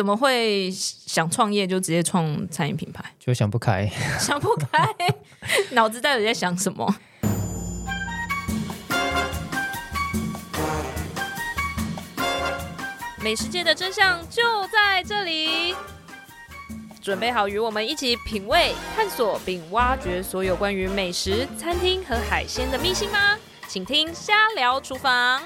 怎麼會想創業就直接創餐飲品牌？就想不開 ，想不開，腦子到底在想什麼？美食界的真相就在這裡，準備好與我們一起品味、探索並挖掘所有關於美食、餐廳和海鮮的秘辛嗎？請聽《蝦聊廚房》。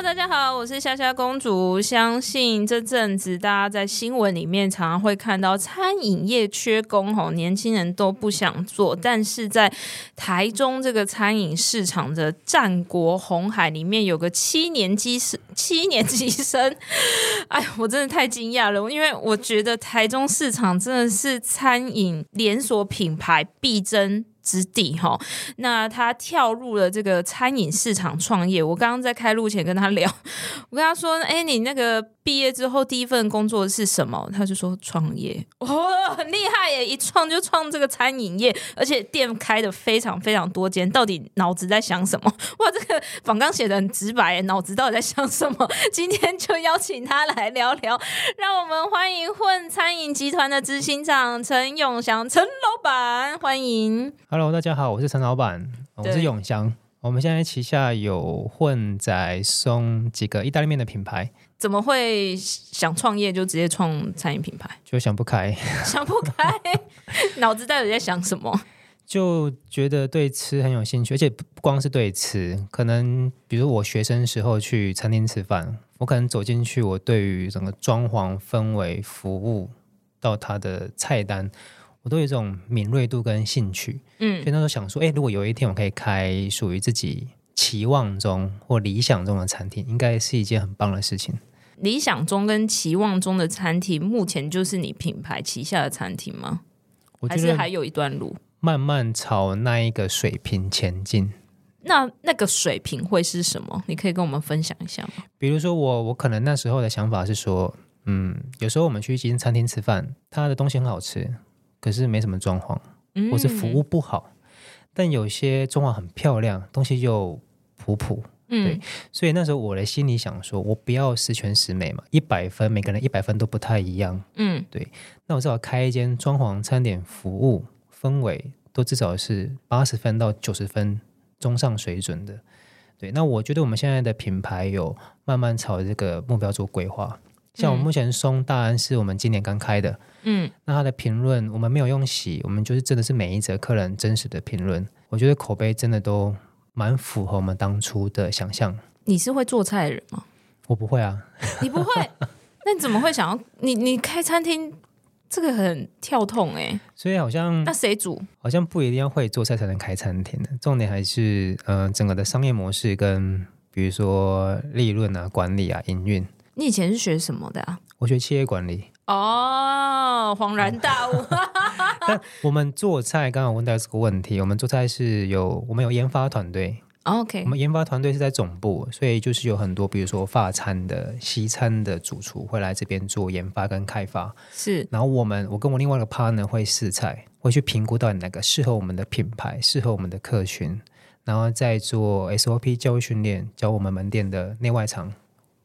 Hello, 大家好，我是蝦蝦公主。相信這陣子大家在新聞裡面常常會看到餐飲業缺工，吼，年輕人都不想做。但是在台中這個餐飲市場的戰國紅海裡面，有個七年級生，七年級生，哎，我真的太驚訝了，因為我覺得台中市場真的是餐飲連鎖品牌必爭。之地哈，那他跳入了這個餐飲市場創業。我剛剛在開錄前跟他聊，我跟他說：“哎、欸，你那個……”畢業之後第一份工作是什麼？他就說創業，哦、oh,，很厲害耶！一創就創這個餐飲業，而且店開得非常非常多間。到底腦子在想什麼？哇，這個訪綱寫得很直白，腦子到底在想什麼？今天就邀請他來聊聊，讓我們歡迎混餐飲集團的執行長陳詠翔，陳老板，歡迎。Hello，大家好，我是陳老板，我是詠翔，我們現在旗下有混仔松幾個意大利面的品牌。怎麼會想創業，就直接創餐飲品牌？就想不開 ，想不開，腦子到底在想什麼？就覺得對吃很有興趣，而且不光是對吃，可能比如我學生時候去餐廳吃飯，我可能走進去，我對於整個裝潢、氛圍、服務到他的菜單，我都有一種敏銳度跟興趣。嗯，所以那時候想說，哎、欸，如果有一天我可以開屬於自己期望中或理想中的餐廳，應該是一件很棒的事情。理想中跟期望中的餐廳，目前就是你品牌旗下的餐廳嗎？還是還有一段路，慢慢朝那一個水平前進。那那個水平會是什麼？你可以跟我們分享一下嗎？比如說我，我可能那時候的想法是說，嗯，有時候我們去一些餐廳吃飯，它的東西很好吃，可是沒什麼裝潢，或、嗯、是服務不好；但有些裝潢很漂亮，東西又普普。嗯，對，所以那時候我的心裡想說，我不要十全十美嘛，一百分每個人一百分都不太一樣，嗯，對，那我至少開一間裝潢、餐點、服務、氛圍都至少是八十分到九十分中上水準的，對，那我覺得我們現在的品牌有慢慢朝這個目標做規劃，像我們目前松大安是我們今年剛開的，嗯，那他的評論我們沒有用洗，我們就是真的是每一則客人真實的評論，我覺得口碑真的都蠻符合我們當初的想象。你是會做菜的人嗎？我不會啊。你不會，那你 怎麼會想要你？你開餐廳這個很跳痛哎、欸。所以好像那誰煮？好像不一定要會做菜才能開餐廳的。重點還是嗯、呃，整個的商業模式跟比如說利潤啊、管理啊、營運。你以前是學什麼的啊？我學企業管理。哦、oh,，恍然大悟。Oh. 但我們做菜，剛好問到這個問題。我們做菜是有我們有研發團隊，Oh,，OK，我們研發團隊是在總部，所以就是有很多，比如說法餐的、西餐的主廚會來這邊做研發跟開發。是，然後我們我跟我另外一個 partner 會試菜，會去評估到底哪個適合我們的品牌，適合我們的客群，然後再做 SOP 教育訓練，教我們門店的內外場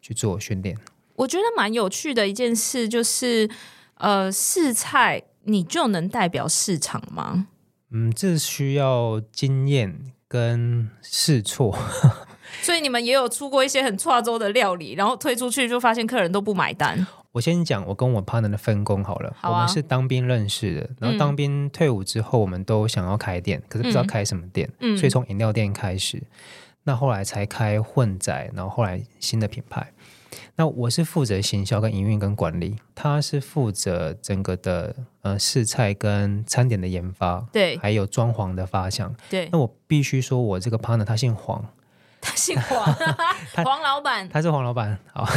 去做訓練。我覺得蠻有趣的一件事就是，呃，試菜。你就能代表市場嗎？嗯，這需要經驗跟試錯。 所以你們也有出過一些很跨州的料理，然後推出去就發現客人都不買單。我先講我跟我 partner 的分工好了。好啊。我們是當兵認識的，然後當兵退伍之後，我們都想要開店、嗯，可是不知道開什麼店，嗯，所以從飲料店開始。嗯，那後來才開混載，然後後來新的品牌。那我是負責行銷跟營運跟管理，他是負責整個的呃試菜跟餐點的研發，對，還有裝潢的發想。對，那我必須說，我這個 partner 他姓黃，他姓黃，哈， 黃老板，他是黃老板。好，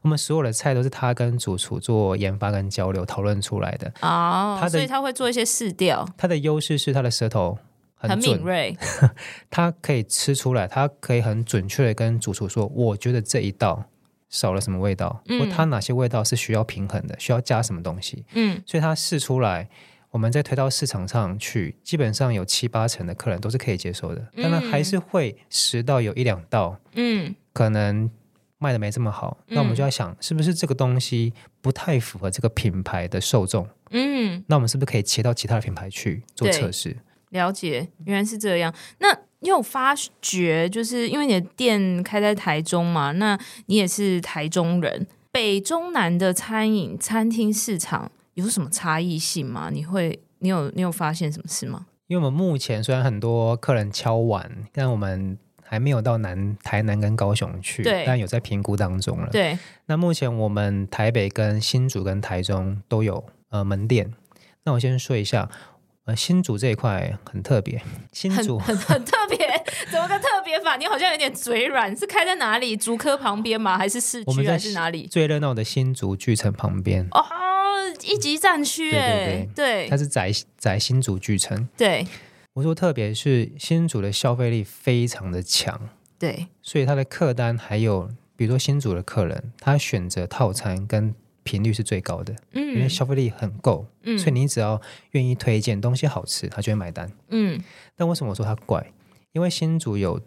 我們所有的菜都是他跟主廚做研發跟交流討論出來的。哦，oh，所以他會做一些試調。他的優勢是他的舌頭很，很敏銳， 他可以吃出來，他可以很準確的跟主廚說，我覺得這一道。少了什麼味道？嗯，它哪些味道是需要平衡的，嗯，需要加什麼東西？嗯，所以它試出來，我們再推到市場上去，基本上有七八成的客人都是可以接受的。嗯，當然還是會試到有一兩道，嗯，可能賣得沒這麼好，嗯。那我們就要想，是不是這個東西不太符合這個品牌的受眾？嗯，那我們是不是可以切到其他的品牌去做測試？了解，原來是這樣。那。你有發覺，就是因為你的店開在台中嘛，那你也是台中人，北中南的餐飲餐廳市場有什麼差異性嗎？你會，你有，你有發現什麼事嗎？因為我們目前雖然很多客人敲碗，但我們還沒有到南台南跟高雄去，但有在評估當中了。對，那目前我們台北跟新竹跟台中都有呃門店，那我先說一下。呃，新竹這一塊很特別，新竹很很，很特別，怎麼個特別法？你好像有點嘴軟，是開在哪裡？竹科旁邊嗎？還是市區？還是哪裡？最熱鬧的新竹巨城旁邊。哦，一級戰區、欸、對對，對，對，它是在在新竹巨城。對，我說特別是新竹的消費力非常的強，對，所以它的客單還有，比如說新竹的客人，他選擇套餐跟。頻率是最高的，嗯，因為消費力很夠，嗯，所以你只要願意推薦、嗯、東西好吃，他就會買單，嗯。但為什麼我說他怪？因為新竹有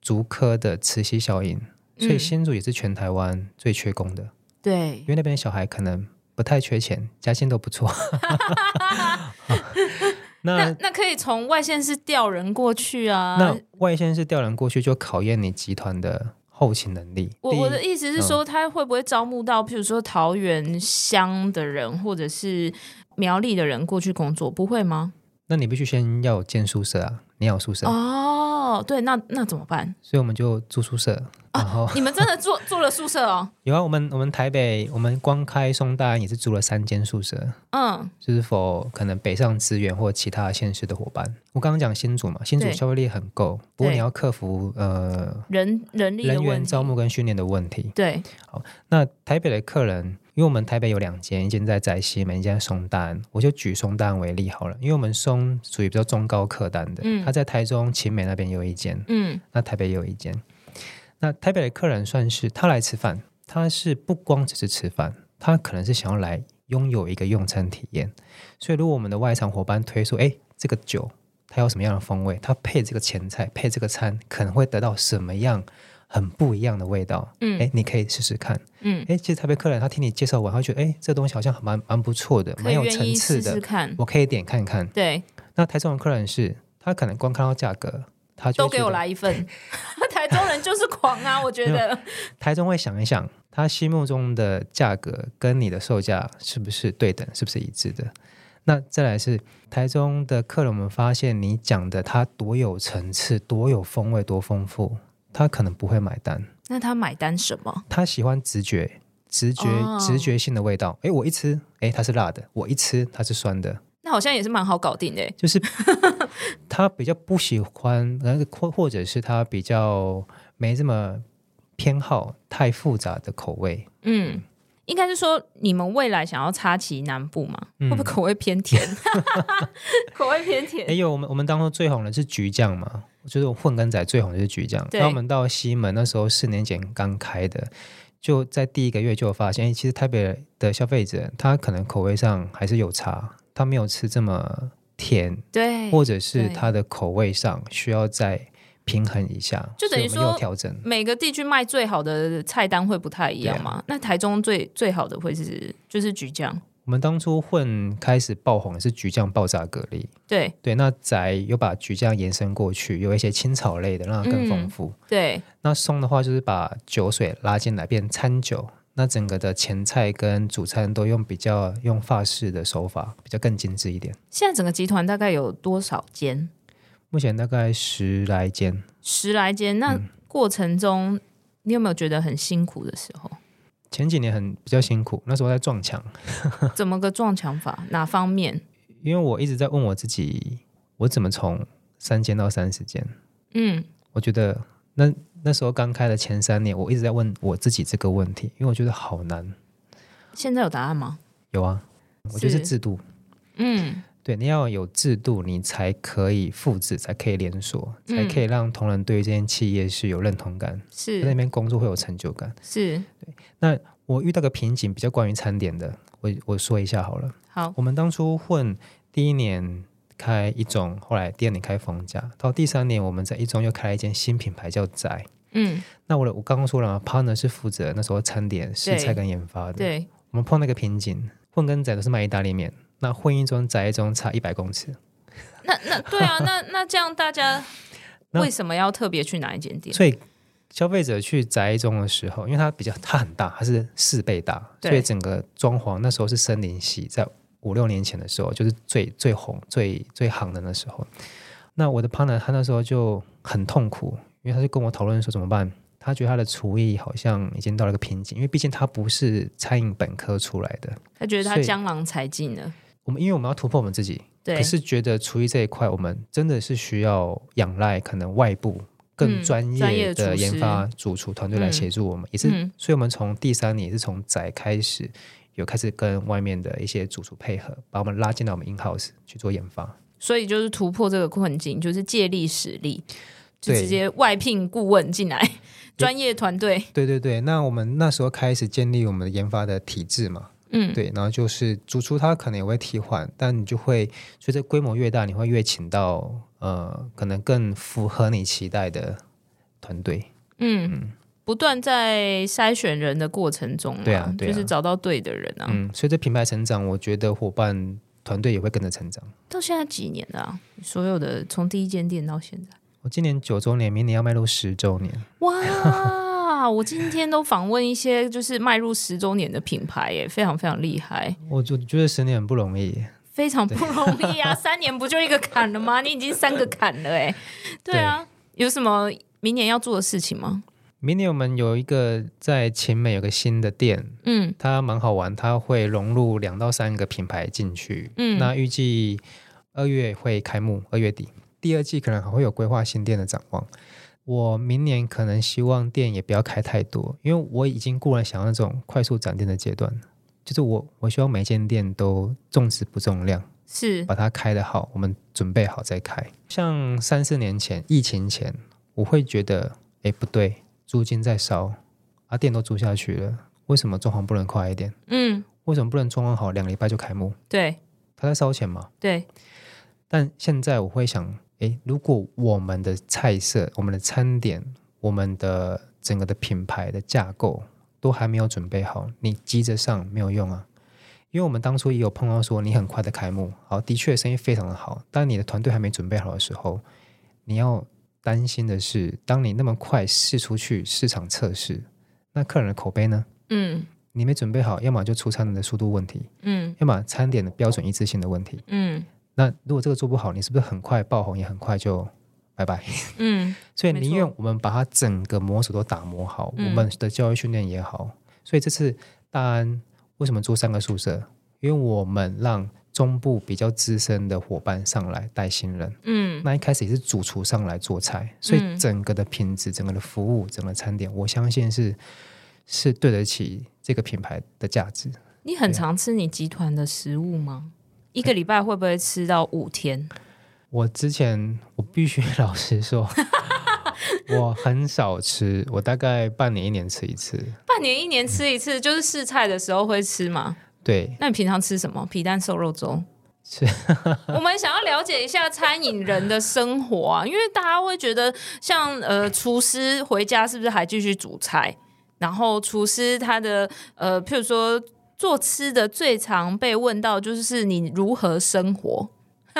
竹科的磁吸效應，所以新竹也是全台灣最缺工的，嗯、對，因為那邊的小孩可能不太缺錢，家境都不錯。 那那，那可以從外縣市調人過去啊，那外縣市調人過去就考驗你集團的。後勤能力，我我的意思是說，嗯，他會不會招募到，譬如說桃園鄉的人，或者是苗栗的人過去工作？不會嗎？那你必須先要建宿舍啊，你要有宿舍，哦哦，對，那那怎麼辦？所以我們就住宿舍，啊、然後你們真的住 住了宿舍哦。有啊，我們我們台北，我們光開松大安也是住了三間宿舍。嗯，就是否可能北上支援或其他縣市的夥伴？我剛剛講新竹嘛，新竹消費力很夠，不過你要克服呃人人力人員招募跟訓練的問題。對，好，那台北的客人。因為我們台北有兩間，一間在在西門，一間在松丹。我就舉松丹為例好了，因為我們松屬於比較中高客單的，他、嗯、在台中勤美那邊有一間，嗯，那台北也有一間。那台北的客人算是他來吃飯，他是不光只是吃飯，他可能是想要來擁有一個用餐體驗。所以如果我們的外場夥伴推出，哎，這個酒它有什麼樣的風味？它配這個前菜，配這個餐，可能會得到什麼樣？很不一樣的味道，嗯，哎，你可以試試看，嗯，哎，其實台北客人他聽你介紹完，他覺得哎，這東西好像蠻蠻不錯的，蠻有層次的，試試看，我可以點看看。對，那台中的客人是，他可能光看到價格，他就都給我來一份。 台中人就是狂啊，我覺得。台中會想一想，他心目中的價格跟你的售價是不是對等，是不是一致的？那再來是台中的客人，我們發現你講的他多有層次，多有風味，多豐富。他可能不會買單，那他買單什麼？他喜歡直覺、直覺、Oh. 直覺性的味道。哎，我一吃，哎，它是辣的；我一吃，它是酸的。那好像也是蠻好搞定的。就是他比較不喜歡，或 者或者是他比較沒這麼偏好太複雜的口味。嗯，應該是說你們未來想要插旗南部嘛？嗯、會不會口味偏甜？ 口味偏甜？哎、 欸、有，我們我們當中最紅的是橘醬嘛？就是混根仔最紅就是橘醬，然後我們到西門那時候四年前剛開的，就在第一個月就發現，其實台北的消費者他可能口味上還是有差，他沒有吃這麼甜，對，或者是他的口味上需要再平衡一下，就等於說調整。每個地區賣最好的菜單會不太一樣嗎？啊，那台中最最好的會是就是橘醬。我們當初混開始爆紅的是橘醬爆炸蛤蜊，對對，那宅又把橘醬延伸過去，有一些青草類的，讓它更豐富，嗯。對，那松的話就是把酒水拉進來變餐酒，那整個的前菜跟主餐都用比較用法式的手法，比較更精緻一點。現在整個集團大概有多少間？目前大概十來間，十來間。那過程中、嗯、你有沒有覺得很辛苦的時候？前幾年很比較辛苦，那時候在撞牆。 怎麼個撞牆法？哪方面？因為我一直在問我自己，我怎麼從三千到三十間？嗯，我覺得那那時候剛開的前三年，我一直在問我自己這個問題，因為我覺得好難。現在有答案嗎？有啊，我覺得是制度。嗯。對，你要有制度，你才可以複製，才可以連鎖，才可以讓同仁對於這間企業是有認同感，嗯、是在那邊工作會有成就感。是。對，那我遇到個瓶頸，比較關於餐點的，我我說一下好了。好，我們當初混第一年開一中，後來第二年開逢甲，到第三年我們在一中又開了一間新品牌叫宅。嗯。那我的我剛剛說了嘛，partner 是負責那時候餐點食材跟研發的，對。對。我們碰那個瓶頸，混跟宅都是賣意大利麵。那混，一中宅，一中差一百公尺， 那那對啊，那那這樣大家為什麼要特別去哪一間店？所以消費者去宅一中的時候，因為它比較它很大，它是四倍大，所以整個裝潢那時候是森林系，在五六年前的時候就是最最紅最最夯的那時候。那我的 partner 他那時候就很痛苦，因為他就跟我討論說怎麼辦，他覺得他的廚藝好像已經到了一個瓶頸，因為畢竟他不是餐飲本科出來的，他覺得他江郎才盡了。我們因為我們要突破我們自己，對，可是覺得廚藝這一塊，我們真的是需要仰賴可能外部更專業的研發主廚團隊來協助我們。嗯嗯嗯，也是，所以我們從第三年也是從宅開始有開始跟外面的一些主廚配合，把我們拉進到我們 in house 去做研發。所以就是突破這個困境，就是借力使力，就直接外聘顧問進來，專業團隊。對，對對對，那我們那時候開始建立我們的研發的體制嘛。嗯，對，然後就是主廚他可能也會替換，但你就會隨着規模越大，你會越請到呃，可能更符合你期待的團隊，嗯，嗯，不斷在篩選人的過程中，啊對啊，對啊，就是找到對的人啊。嗯，隨着品牌成長，我覺得夥伴團隊也會跟着成長。到現在幾年了？所有的從第一間店到現在，我今年九週年，明年要邁入十週年。哇。 啊！我今天都訪問一些就是邁入十周年的品牌，哎，非常非常厲害。我就覺得十年很不容易，非常不容易啊！ 三年不就一個坎了嗎？你已經三個坎了，哎，對啊對。有什麼明年要做的事情嗎？明年我們有一個在勤美有個新的店，嗯，它蠻好玩，它會融入兩到三個品牌進去，嗯，那預計二月會開幕，二月底。第二季可能還會有規劃新店的展望。我明年可能希望店也不要開太多，因為我已經過了想要那種快速展店的階段，就是我我希望每間店都重質不重量，是把它開得好，我們準備好再開。像三四年前疫情前，我會覺得，哎，不對，租金在燒，啊，店都租下去了，為什麼裝潢不能快一點？嗯，為什麼不能裝潢好，兩個禮拜就開幕？對，他在燒錢嘛。對，但現在我會想。誒，如果我們的菜色、我們的餐點、我們的整個的品牌的架構都還沒有準備好，你急着上沒有用啊！因為我們當初也有碰到說，你很快的開幕，好，的確生意非常的好，但你的團隊還沒準備好的時候，你要擔心的是，當你那麼快試出去市場測試，那客人的口碑呢？嗯，你沒準備好，要麼就出餐的速度問題，嗯，要麼餐點的標準一致性的問題，嗯。那如果這個做不好，你是不是很快爆紅，也很快就拜拜？嗯， 所以寧願我們把它整個模組都打磨好，嗯、我們的教育訓練也好。所以這次大安為什麼做三個宿舍？因為我們讓中部比較資深的夥伴上來帶新人。嗯，那一開始也是主廚上來做菜，所以整個的品質、整個的服務、整個餐點，我相信是是對得起這個品牌的價值。你很常吃、啊、你集團的食物嗎？一個禮拜會不會吃到五天？嗯，我之前我必須老實說， 我很少吃，我大概半年一年吃一次。半年一年吃一次，嗯。就是試菜的時候會吃嗎？對。那你平常吃什麼？皮蛋瘦肉粥。是。 我們想要了解一下餐飲人的生活啊，因為大家會覺得像，像呃廚師回家是不是還繼續煮菜？然後廚師他的呃，譬如說。做吃的最常被問到就是：你如何生活？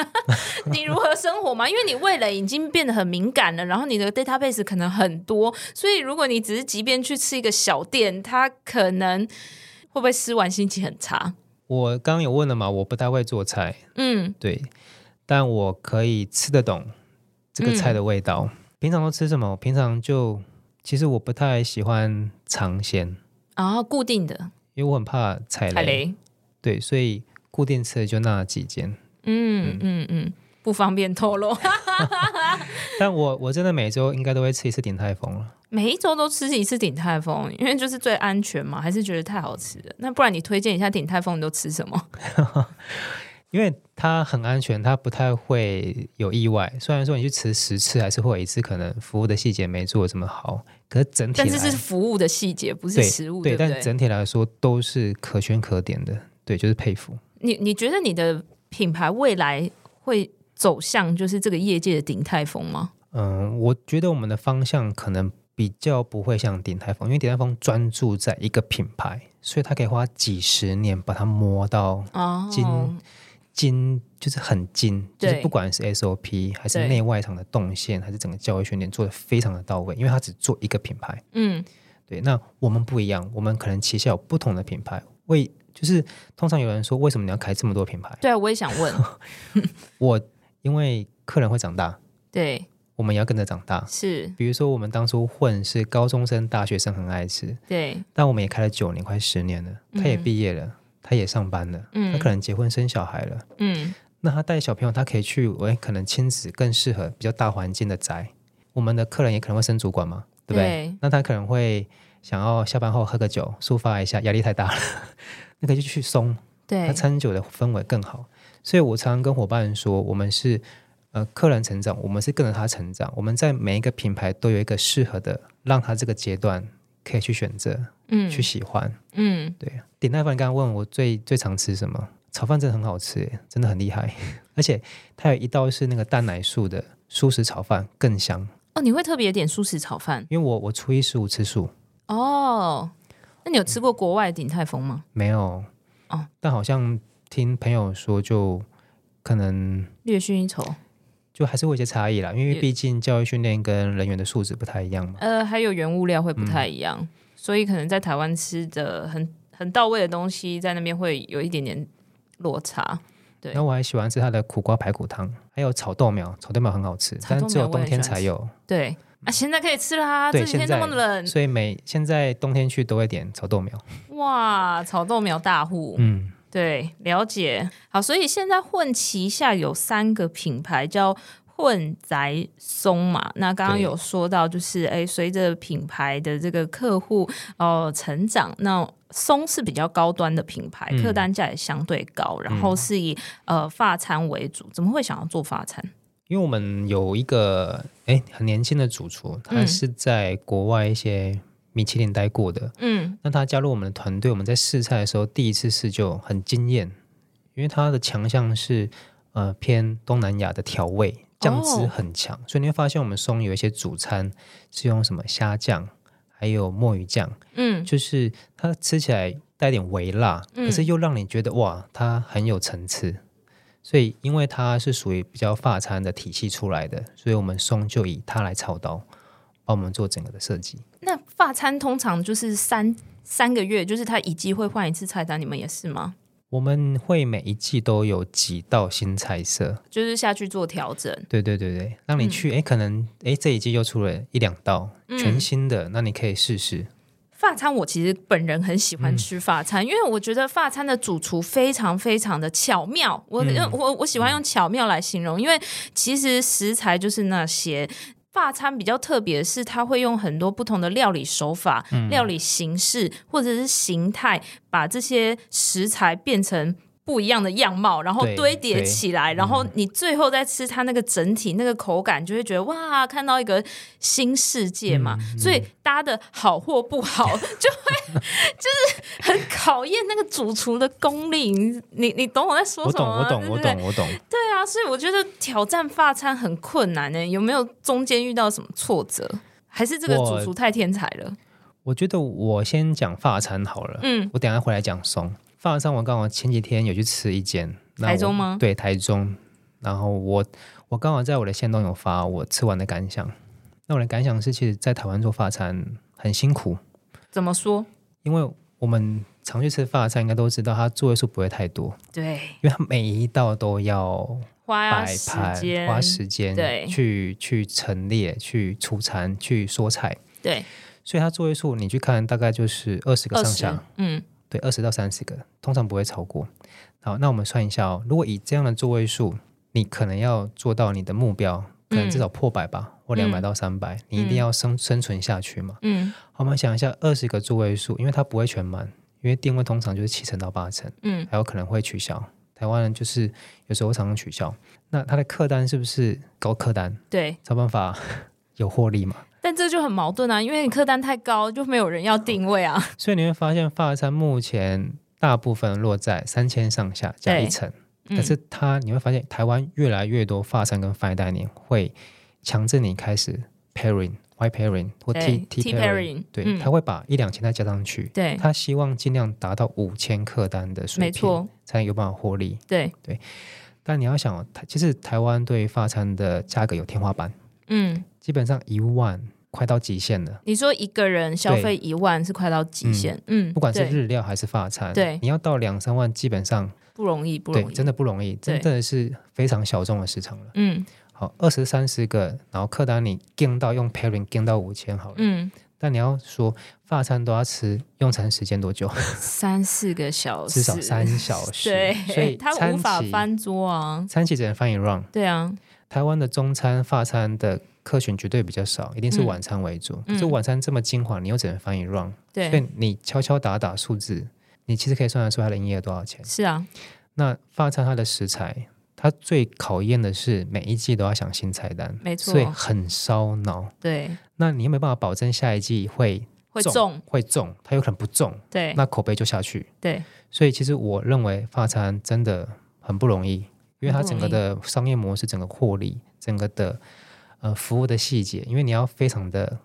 你如何生活嗎？因為你味蕾已經變得很敏感了，然後你的 database 可能很多，所以如果你只是即便去吃一個小店，他可能會不會吃完心情很差？我剛剛有問了嘛，我不太會做菜，嗯，對，但我可以吃得懂這個菜的味道。嗯、平常都吃什麼？我平常就其實我不太喜歡嘗鮮啊，固定的。因為我很怕踩雷，雷，對，所以固定吃就那幾間。嗯嗯嗯，不方便透露。 但我我真的每周應該都會吃一次鼎泰豐了。每一周都吃一次鼎泰豐，因為就是最安全嘛，還是覺得太好吃了。那不然你推薦一下鼎泰豐，你都吃什麼？ 因為它很安全，它不太會有意外。雖然說你去吃十次還是會有一次，可能服務的細節沒做這麼好。可是整體，但是是服務的細節，不是食物。對，對，對，對，但整體來說都是可圈可點的，對，就是佩服。你你覺得你的品牌未來會走向就是這個業界的鼎泰豐嗎？嗯，我覺得我們的方向可能比較不會像鼎泰豐，因為鼎泰豐專注在一個品牌，所以他可以花幾十年把它磨到金。哦哦精就是很精，就是不管是 SOP 還是內外場的動線，還是整個教育訓練做的非常的到位，因為它只做一個品牌。嗯，對。那我們不一樣，我們可能旗下有不同的品牌。為就是通常有人說，為什麼你要開這麼多品牌？對啊，我也想問。 我因為客人會長大，對，我們也要跟着長大。是，比如說我們當初混是高中生、大學生很愛吃，對。但我們也開了九年，快十年了，嗯，他也畢業了。他也上班了，嗯，他可能結婚生小孩了，嗯，那他帶小朋友，他可以去，我也可能親子更適合比較大環境的宅。我們的客人也可能會升主管嘛，對不對吧？那他可能會想要下班後喝個酒，抒發一下壓力太大了， 那可以就去松，對，他餐酒的氛圍更好。所以我常常跟伙伴說，我們是呃客人成長，我們是跟着他成長，我們在每一個品牌都有一個適合的，讓他這個階段。可以去選擇，嗯，去喜歡，嗯，對，鼎泰豐剛剛問我最最常吃什麼，炒飯真的很好吃耶，真的很厲害，而且它有一道是那個蛋奶素的素食炒飯，更香。哦，你會特別點素食炒飯？因為我我初一十五吃素。哦，那你有吃過國外的鼎泰豐嗎？嗯，沒有。哦，但好像聽朋友說，就可能略遜一籌。就還是會有一些差異啦，因為畢竟教育訓練跟人員的素質不太一樣嘛。呃，還有原物料會不太一樣，嗯、所以可能在台灣吃的很很到位的東西，在那邊會有一點點落差。對，那我還喜歡吃它的苦瓜排骨湯，還有炒豆苗，炒豆苗很好吃，但只有冬天才有。對，啊，現在可以吃啦，這幾天那麼冷，所以每現在冬天去都會點炒豆苗。哇，炒豆苗大戶，嗯。對，了解。好，所以現在混旗下有三個品牌，叫混宅松嘛。那剛剛有說到，就是哎，隨着品牌的這個客戶哦、呃、成長，那松是比較高端的品牌，客單價也相對高，嗯、然後是以呃法餐為主。怎麼會想要做法餐？因為我們有一個哎很年輕的主廚，他是在國外一些。米其林待過的，嗯，那他加入我們的團隊，我們在試菜的時候，第一次試就很驚艷，因為它的強項是呃偏東南亞的調味醬汁很強，哦，所以你會發現我們松有一些主餐是用什麼蝦醬，還有墨魚醬，嗯，就是它吃起來帶點微辣，嗯，可是又讓你覺得哇，它很有層次，所以因為它是屬於比較法餐的體系出來的，所以我們松就以它來操刀，幫我們做整個的設計，那。法餐通常就是三三個月，就是他一季會換一次菜單，你們也是嗎？我們會每一季都有幾道新菜色，就是下去做調整。對對對對，讓你去哎、嗯，可能哎這一季又出了一兩道全新的、嗯，那你可以試試。法餐我其實本人很喜歡吃法餐，嗯、因為我覺得法餐的主廚非常非常的巧妙。我、嗯、我我喜歡用巧妙來形容、嗯，因為其實食材就是那些。大餐比較特別的是，他會用很多不同的料理手法、嗯、料理形式或者是形態，把這些食材變成不一樣的樣貌，然後堆疊起來，然後你最後再吃它那個整體那個口感，就會覺得、嗯、哇，看到一個新世界嘛、嗯嗯。所以搭的好或不好，就會 就是很考驗那個主廚的功力。你你懂我在說什麼嗎？我懂，我懂，我懂，我懂。對啊，所以我覺得挑戰法餐很困難呢？有沒有中間遇到什麼挫折？還是這個主廚太天才了？我，我覺得我先講法餐好了。嗯，我等下回來講松法餐。我剛好前幾天有去吃一間，台中嗎？對，台中。然後我我剛好在我的限動有發我吃完的感想。那我的感想是，其實，在台灣做法餐很辛苦。怎麼說？因為我們。常去吃法餐應該都知道，它座位數不會太多，對，因為它每一道都要擺盤、花時間、花時間去對去陳列、去儲藏、去說菜，對，所以它座位數你去看大概就是二十個上下，20, 嗯，對，二十到三十個，通常不會超過。好，那我們算一下、喔，如果以這樣的座位數，你可能要做到你的目標，可能至少破百吧，嗯、或兩百到三百、嗯，你一定要生、嗯、生存下去嘛，嗯，好，我們想一下，二十個座位數，因為它不會全滿。因為定位通常就是七成到八成，嗯，還有可能會取消。嗯、台灣人就是有時候常常取消。那他的客單是不是高客單？對，找辦法有獲利嘛？但這就很矛盾啊，因為你客單太高，就沒有人要定位啊。嗯、所以你會發現法餐目前大部分落在三千上下加一成，可、嗯、是他你會發現台灣越來越多法餐跟 fine dining，你會強制你開始 pairing。y pairing 或 T T pairing，對，他、嗯、會把一兩千再加上去，對、嗯，他希望盡量達到五千客單的水平，沒錯，才有辦法獲利，對對。但你要想，台其實台灣對於发餐的價格有天花板，嗯，基本上一萬快到極限了。你說一個人消費一萬是快到極限嗯，嗯，不管是日料還是发餐，對，對你要到兩三萬基本上不容易，不容易，真的不容易，真的是非常小眾的市場了，嗯。好，二十三十個，然後客單你訂到用 pairing 訂到五千好了。嗯。但你要說，法餐都要吃，用餐時間多久？三四個小時。至少三小時。對，所以他無法翻桌啊。餐期只能翻一輪。對啊，台灣的中餐、法餐的客群絕對比較少，一定是晚餐為主。就、嗯、晚餐這麼精華、嗯，你又只能翻一輪。對。所以你敲敲打打數字，你其實可以算算出它的營業多少錢。是啊。那法餐它的食材？它最考驗的是每一季都要想新菜單，沒錯，所以很燒腦。對，那你又沒辦法保證下一季會會中會中，它有可能不中，對，那口碑就下去。對，所以其實我認為法餐真的很不容易，因為它整個的商業模式、整個獲利、整個的呃服務的細節，因為你要非常的。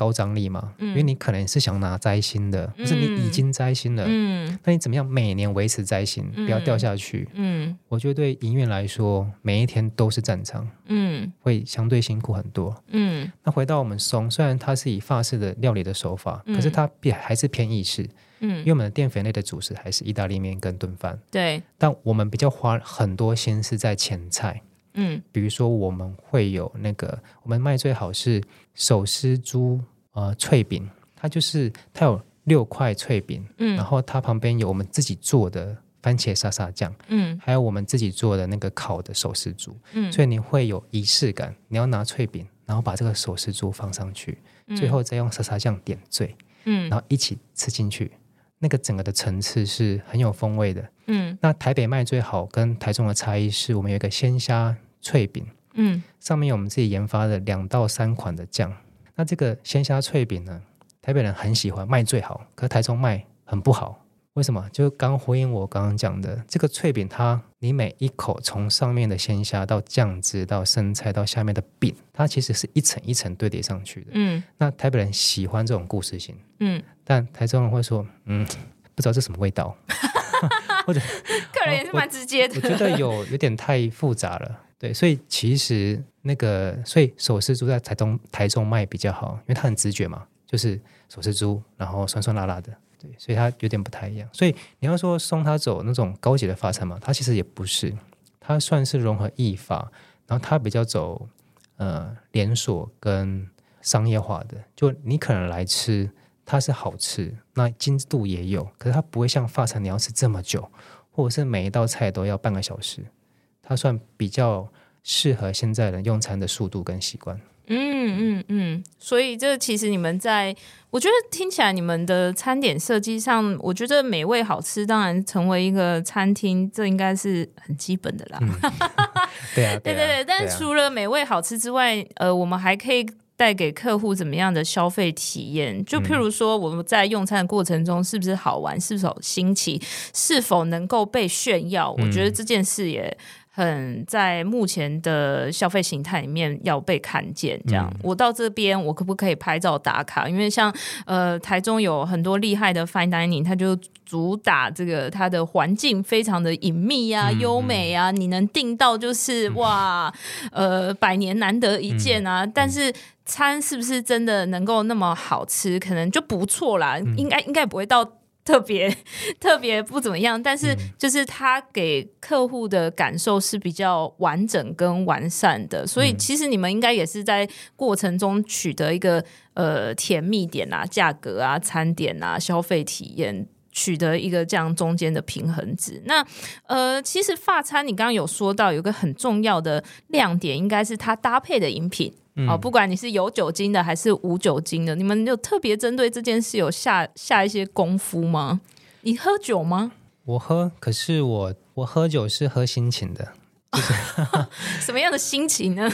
高張力嘛，因為你可能是想拿摘星的、嗯，可是你已經摘星了。嗯，那你怎麼樣每年維持摘星、嗯，不要掉下去？嗯，我覺得對營運來說，每一天都是戰場。嗯，會相對辛苦很多。嗯，那回到我們松，雖然它是以法式的料理的手法，嗯、可是它偏還是偏意式。嗯，因為我們的澱粉類的主食還是意大利麵跟燉飯。對，但我們比較花很多心思在前菜。嗯，比如說我們會有那個，我們賣最好是手撕豬呃脆餅，它就是它有六塊脆餅，嗯，然後它旁邊有我們自己做的番茄沙沙醬，嗯，還有我們自己做的那個烤的手撕豬，嗯，所以你會有儀式感，你要拿脆餅，然後把這個手撕豬放上去，最後再用沙沙醬點綴，嗯，然後一起吃進去，那個整個的層次是很有風味的，嗯，那台北賣最好跟台中的差異是，我們有一個鮮蝦。脆餅，嗯，上面有我們自己研發的兩到三款的醬，嗯。那這個鮮蝦脆餅呢，台北人很喜歡，賣最好。可是台中賣很不好，為什麼？就剛回應我剛剛講的，這個脆餅它，它你每一口從上面的鮮蝦到醬汁到生菜到下面的餅，它其實是一層一層堆疊上去的。嗯，那台北人喜歡這種故事性，嗯，但台中人會說，嗯，不知道這什麼味道，或者客人也是蠻直接的，哦，我，我覺得有有點太複雜了。對，所以其實那個，所以手撕豬在台中台中賣比較好，因為它很直覺嘛，就是手撕豬，然後酸酸辣辣的。對，所以它有點不太一樣。所以你要說送它走那種高級的法餐嘛，它其實也不是，它算是融合意法，然後它比較走呃連鎖跟商業化的。就你可能來吃，它是好吃，那精緻度也有，可是它不會像法餐你要吃這麼久，或者是每一道菜都要半個小時。它算比較適合現在的用餐的速度跟習慣。嗯嗯嗯，所以這其實你們在，我覺得聽起來你們的餐點設計上，我覺得美味好吃，當然成為一個餐廳，這應該是很基本的啦。嗯、 對啊，對對對。但除了美味好吃之外，啊、呃，我們還可以帶給客戶怎麼樣的消費體驗？就譬如說，我們在用餐的過程中是不是好玩，嗯、是否新奇，是否能夠被炫耀、嗯？我覺得這件事也。很在目前的消費形態裡面要被看見這樣，嗯、我到這邊我可不可以拍照打卡？因為像呃台中有很多厲害的 fine dining，它就主打這個它的環境非常的隱秘啊、嗯、優美啊，你能訂到就是、嗯、哇，呃百年難得一見啊、嗯。但是餐是不是真的能夠那麼好吃？可能就不錯啦，嗯、應該應該不會到。特別特別不怎麼樣，但是就是他給客戶的感受是比較完整，跟完善的，所以其實你們應該也是在過程中取得一個呃甜蜜點啊，價格啊，餐點啊，消費體驗。取得一個這樣中間的平衡值。那呃，其實法餐你剛剛有說到，有個很重要的亮點，應該是它搭配的飲品。好，嗯哦，不管你是有酒精的還是無酒精的，你們有特別針對這件事有下下一些功夫嗎？你喝酒嗎？我喝，可是我我喝酒是喝心情的。就是， 什麼樣的心情呢？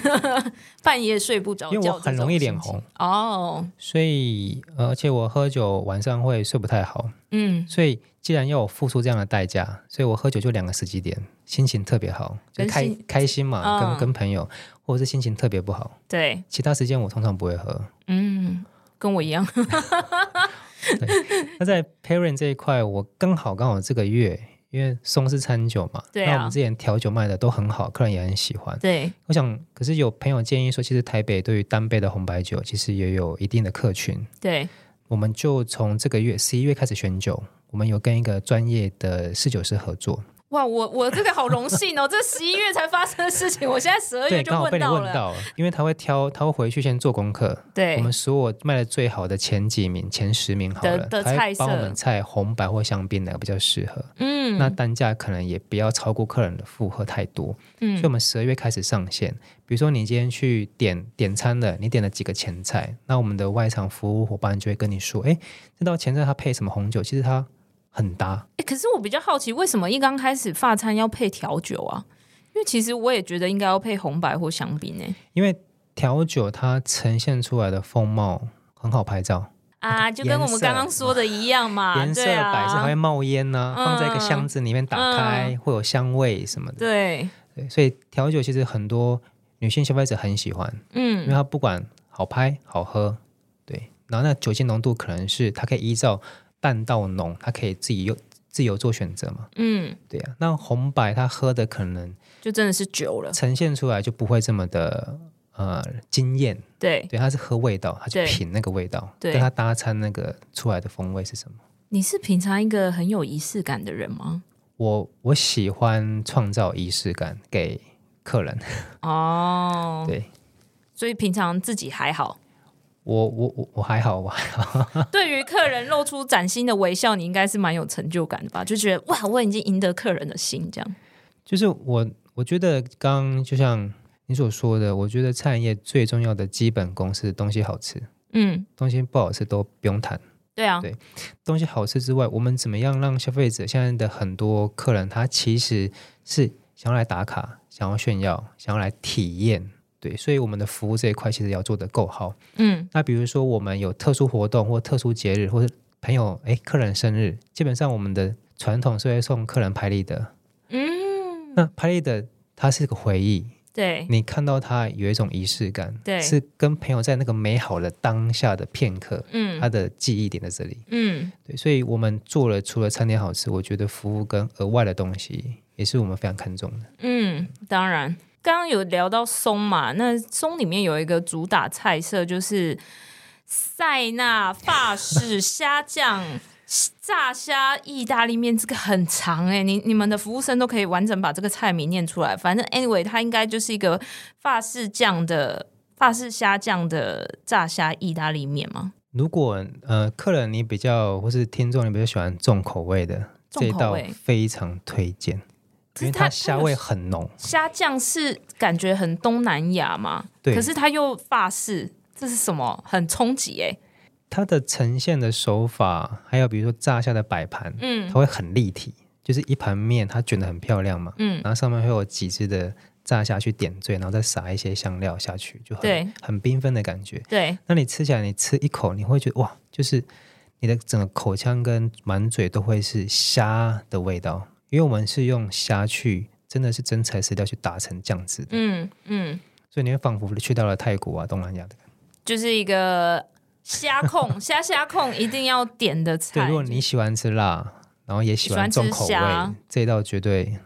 半夜睡不着覺，因為我很容易臉紅哦，所以而且我喝酒晚上會睡不太好，嗯，所以既然要我付出這樣的代價，所以我喝酒就兩個時機點，心情特別好，就開心開心嘛，嗯，跟跟朋友，或者是心情特別不好，對，其他時間我通常不會喝，嗯，跟我一樣， 對，那在 Parent 這一塊，我剛好剛好這個月。因為松是餐酒嘛，對啊，那我們之前調酒賣的都很好，客人也很喜歡。對，我想，可是有朋友建議說，其實台北對於單杯的紅白酒，其實也有一定的客群。對，我們就從這個月十一月開始選酒，我們有跟一個專業的侍酒師合作。哇，我我這個好榮幸哦！這十一月才發生的事情，我現在十二月就問到，被問到了。因為他會挑，他會回去先做功課。對，我們所有賣的最好的前幾名、前十名好了，的的菜他幫我們菜紅白或香檳哪個比較適合？嗯，那單價可能也不要超過客人的負荷太多。嗯，所以我們十二月開始上線。比如說，你今天去點點餐的，你點了幾個前菜，那我們的外場服務伙伴就會跟你說，哎，這道前菜它配什麼紅酒？其實它。很搭。哎、欸，可是我比較好奇，為什麼一剛開始法餐要配調酒啊？因為其實我也覺得應該要配紅白或香檳誒、欸。因為調酒它呈現出來的風貌很好拍照啊，就跟我們剛剛說的一樣嘛。顏、啊、色擺設還會冒煙呢、啊啊，放在一個箱子裡面打開、嗯、會有香味什麼的。對對，所以調酒其實很多女性消費者很喜歡，嗯，因為它不管好拍好喝，對。然後那酒精濃度可能是它可以依照。淡到濃，他可以自己又自由做選擇嘛？嗯，對呀、啊。那紅白他喝的可能就真的是酒了，呈現出來就不會這麼的呃驚艷。對對，他是喝味道，他就品那個味道，對他搭餐那個出來的風味是什麼？你是平常一個很有儀式感的人嗎？我我喜歡創造儀式感給客人。哦， 對，所以平常自己還好。我我我我還好吧。我還好 對於客人露出嶄新的微笑，你應該是蠻有成就感的吧？就覺得哇，我已經贏得客人的心，這樣。就是我我覺得，剛就像你所說的，我覺得餐飲業最重要的基本功是東西好吃。嗯，東西不好吃都不用談。對啊，對，東西好吃之外，我們怎麼樣讓消費者？現在的很多客人他其實是想要來打卡，想要炫耀，想要來體驗。對，所以我們的服務這一塊其實要做得夠好。嗯，那比如說我們有特殊活動或特殊節日，或者朋友哎、客人生日，基本上我們的傳統是會送客人拍立得。嗯，那拍立得它是個回憶，對，你看到它有一種儀式感，對，是跟朋友在那個美好的當下的片刻，嗯，他的記憶點在這裡。嗯，對，所以我們做了除了餐點好吃，我覺得服務跟額外的東西也是我們非常看重的。嗯，當然。剛剛有聊到松嘛？那松裡面有一個主打菜色，就是塞納法式蝦醬炸蝦意大利麵， 這個很長哎、欸。你你們的服務生都可以完整把這個菜名念出來。反正 anyway，它應該就是一個法式醬的法式蝦醬的炸蝦意大利麵嗎？如果呃，客人你比較或是聽眾你比較喜歡重口味的，味，這一道非常推薦。因為它蝦味很濃，蝦醬是感覺很東南亞嘛？對。可是它又法式，這是什麼？很衝擊耶、欸！它的呈現的手法，還有比如說炸蝦的擺盤，嗯，它會很立體，就是一盤麵它捲得很漂亮嘛，嗯，然後上面會有幾隻的炸蝦去點綴，然後再撒一些香料下去，就很對很繽紛的感覺。對。那你吃起來，你吃一口，你會覺得哇，就是你的整個口腔跟滿嘴都會是蝦的味道。因為我們是用蝦去，真的是真材實料去打成醬汁的。嗯嗯，所以你會仿佛去到了泰國啊，東南亞的，就是一個蝦控，蝦 蝦控一定要點的菜。對，如果你喜歡吃辣，然後也喜歡，喜歡吃蝦，這道絕對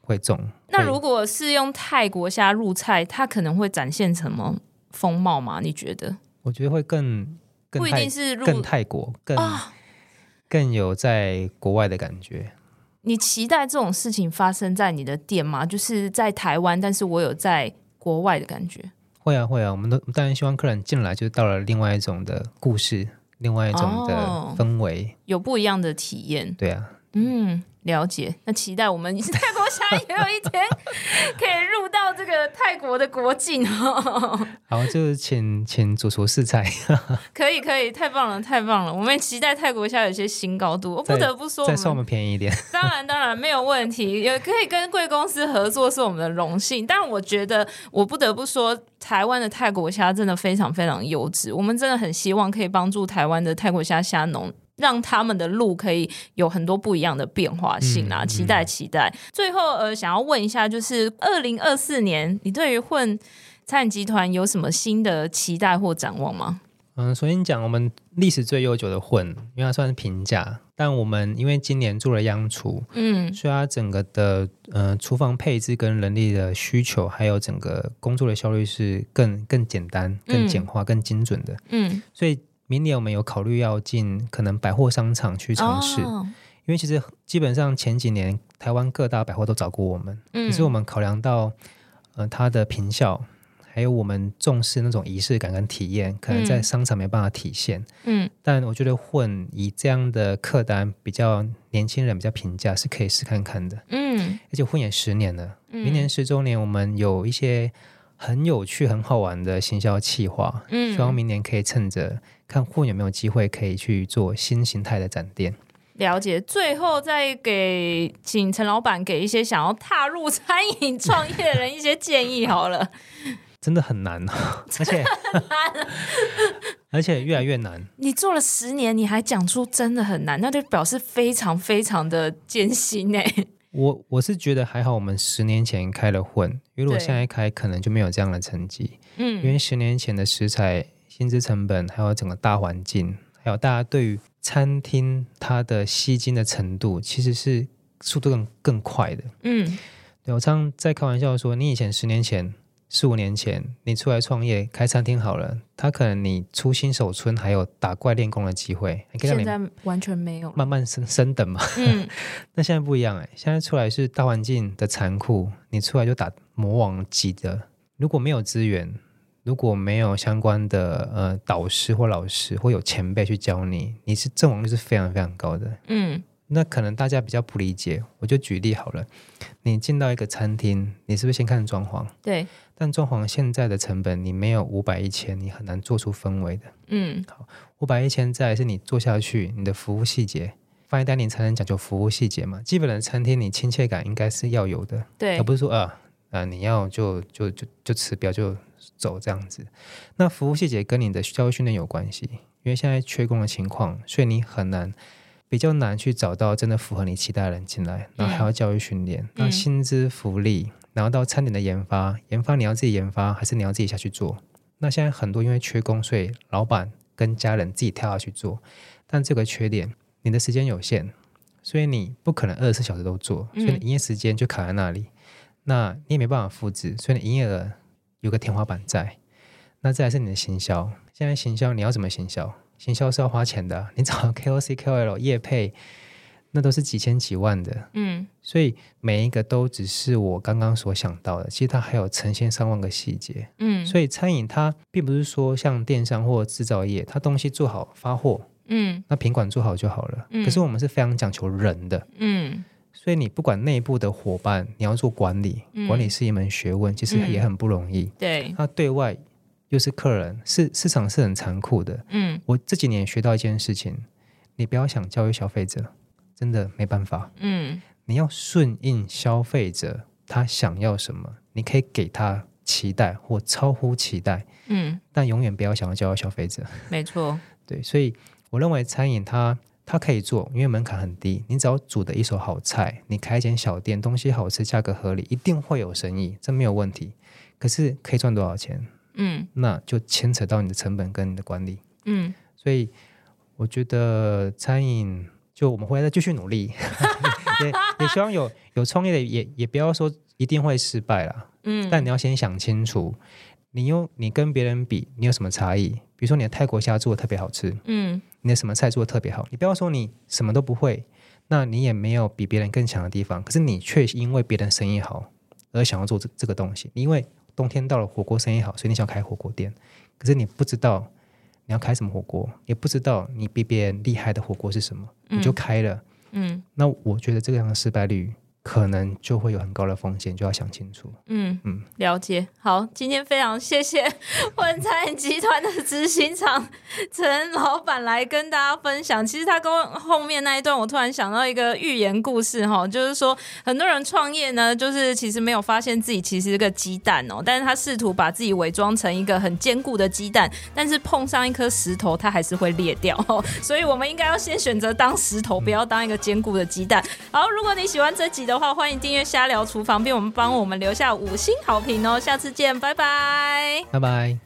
會重。那如果是用泰國蝦入菜，它可能會展現成什麼風貌嗎？你覺得？我覺得會更，更不一定是入泰國，更、啊、更有在國外的感覺。你期待這種事情發生在你的店嗎？就是在台灣，但是我有在國外的感覺。會啊，會啊，我們都我當然希望客人進來，就到了另外一種的故事，另外一種的氛圍。哦，有不一樣的體驗。對啊，嗯，了解。那期待我們你在國外也有一天可以入。 到這個泰國的國境哦，好，就請請主廚試菜。可以可以，太棒了，太棒了，我們也期待泰國蝦有些新高度。我不得不說，再送我們便宜一點。當然當然沒有問題，也可以跟貴公司合作是我們的榮幸。但我覺得我不得不說，台灣的泰國蝦真的非常非常優質，我們真的很希望可以幫助台灣的泰國蝦蝦農。讓他們的路可以有很多不一樣的變化性啊！嗯、期待期待。嗯、最後呃，想要問一下，就是二零二四年，你對於混餐飲集團有什麼新的期待或展望嗎？嗯，首先講我們歷史最悠久的混，因為它算是平價，但我們因為今年做了央廚，嗯，所以它整個的呃廚房配置跟人力的需求，還有整個工作的效率是更更簡單、更簡化、嗯、更精準的。嗯，所以。明年我們有考慮要進可能百貨商場去嘗試，oh. 因為其實基本上前幾年台灣各大百貨都找過我們，可、嗯、是我們考量到，呃，它的坪效，還有我們重視那種儀式感跟體驗，可能在商場沒辦法體現。嗯，但我覺得混以這樣的客單，比較年輕人比較平價是可以試看看的。嗯，而且混也十年了，明年十週年我們有一些。很有趣、很好玩的行銷企劃，嗯，希望明年可以趁着看戶有沒有機會可以去做新形態的展店。了解，最後再給請陳老闆給一些想要踏入餐飲創業的人一些建議好了。 真的很難哦，真的很難，而且 而且越來越難。你做了十年，你還講出真的很難，那就表示非常非常的艱辛呢。我我是覺得還好，我們十年前開了混，因為我現在開可能就沒有這樣的成績。嗯，因為十年前的食材、薪資成本，還有整個大環境，還有大家對於餐廳它的吸金的程度，其實是速度更更快的。嗯，我常在開玩笑說，你以前十年前，四五年前，你出來創業開餐廳好了，他可能你出新手村還有打怪練功的機會。你慢慢現在完全沒有，慢慢升升等嘛。 那現在不一樣哎、欸，現在出來是大環境的殘酷，你出來就打魔王級的。如果沒有資源，如果沒有相關的呃導師或老師或有前輩去教你，你是陣亡率是非常非常高的。嗯。那可能大家比較不理解，我就舉例好了。你進到一個餐廳，你是不是先看裝潢？對。但裝潢現在的成本，你沒有五百一千，你很難做出氛圍的。嗯。好，五百一千，再是你做下去，你的服務細節，飯店你才能講究服務細節嘛。基本的餐廳，你親切感應該是要有的。對。而不是說啊啊、呃呃，你要就就就就吃標就走這樣子。那服務細節跟你的教育訓練有關係，因為現在缺工的情況，所以你很難。比較難去找到真的符合你期待的人進來，然後還要教育訓練，然後、嗯、嗯、那薪資福利，然後到餐點的研發，研發你要自己研發，還是你要自己下去做？那現在很多因為缺工，所以老板跟家人自己跳下去做，但這個缺點，你的時間有限，所以你不可能二十四小時都做，所以你營業時間就卡在那裡、嗯，那你也沒辦法複製，所以你營業額有個天花板在。那這還是你的行銷，現在行銷你要怎麼行銷？行銷是要花錢的、啊，你找 KOC、KOL、業配，那都是幾千幾萬的。嗯，所以每一個都只是我剛剛所想到的，其實它還有成千上萬個細節。嗯，所以餐飲它並不是說像電商或制造業，它東西做好發貨，嗯，那品管做好就好了。嗯、可是我們是非常講求人的，嗯，所以你不管內部的伙伴，你要做管理，嗯、管理是一門學問，其實也很不容易。嗯、對，那對外。就是客人是市場是很殘酷的，嗯，我這幾年學到一件事情，你不要想教育消費者，真的沒辦法，嗯，你要順應消費者他想要什麼，你可以給他期待或超乎期待，嗯，但永遠不要想要教育消費者，沒錯，對，所以我認為餐飲它它可以做，因為門檻很低，你只要煮得一手好菜，你開一間小店，東西好吃，價格合理，一定會有生意，這沒有問題，可是可以賺多少錢？嗯，那就牽扯到你的成本跟你的管理。嗯，所以我覺得餐飲就我們回來再繼續努力。 也也，也希望有有創業的也也不要說一定會失敗啦。嗯，但你要先想清楚，你有你跟別人比，你有什麼差異？比如說你的泰國蝦做的特別好吃，嗯，你的什麼菜做的特別好，你不要說你什麼都不會，那你也沒有比別人更強的地方，可是你卻因為別人生意好而想要做這這個東西，你因為。冬天到了，火鍋生意好，所以你想開火鍋店，可是你不知道你要開什麼火鍋，也不知道你比別人厲害的火鍋是什麼，嗯，你就開了。嗯，那我覺得這樣的失敗率。可能就會有很高的風險，就要想清楚。嗯嗯，了解。好，今天非常謝謝混餐集團的執行長陳老板來跟大家分享。其實他跟後面那一段，我突然想到一個寓言故事哈，就是說很多人創業呢，就是其實沒有發現自己其實是個雞蛋哦，但是他試圖把自己偽裝成一個很堅固的雞蛋，但是碰上一顆石頭，它還是會裂掉。所以我們應該要先選擇當石頭，不要當一個堅固的雞蛋。好，如果你喜歡這集的。歡迎訂閱《瞎聊廚房》，並我們幫我們留下五星好評哦！下次見，拜拜，拜拜。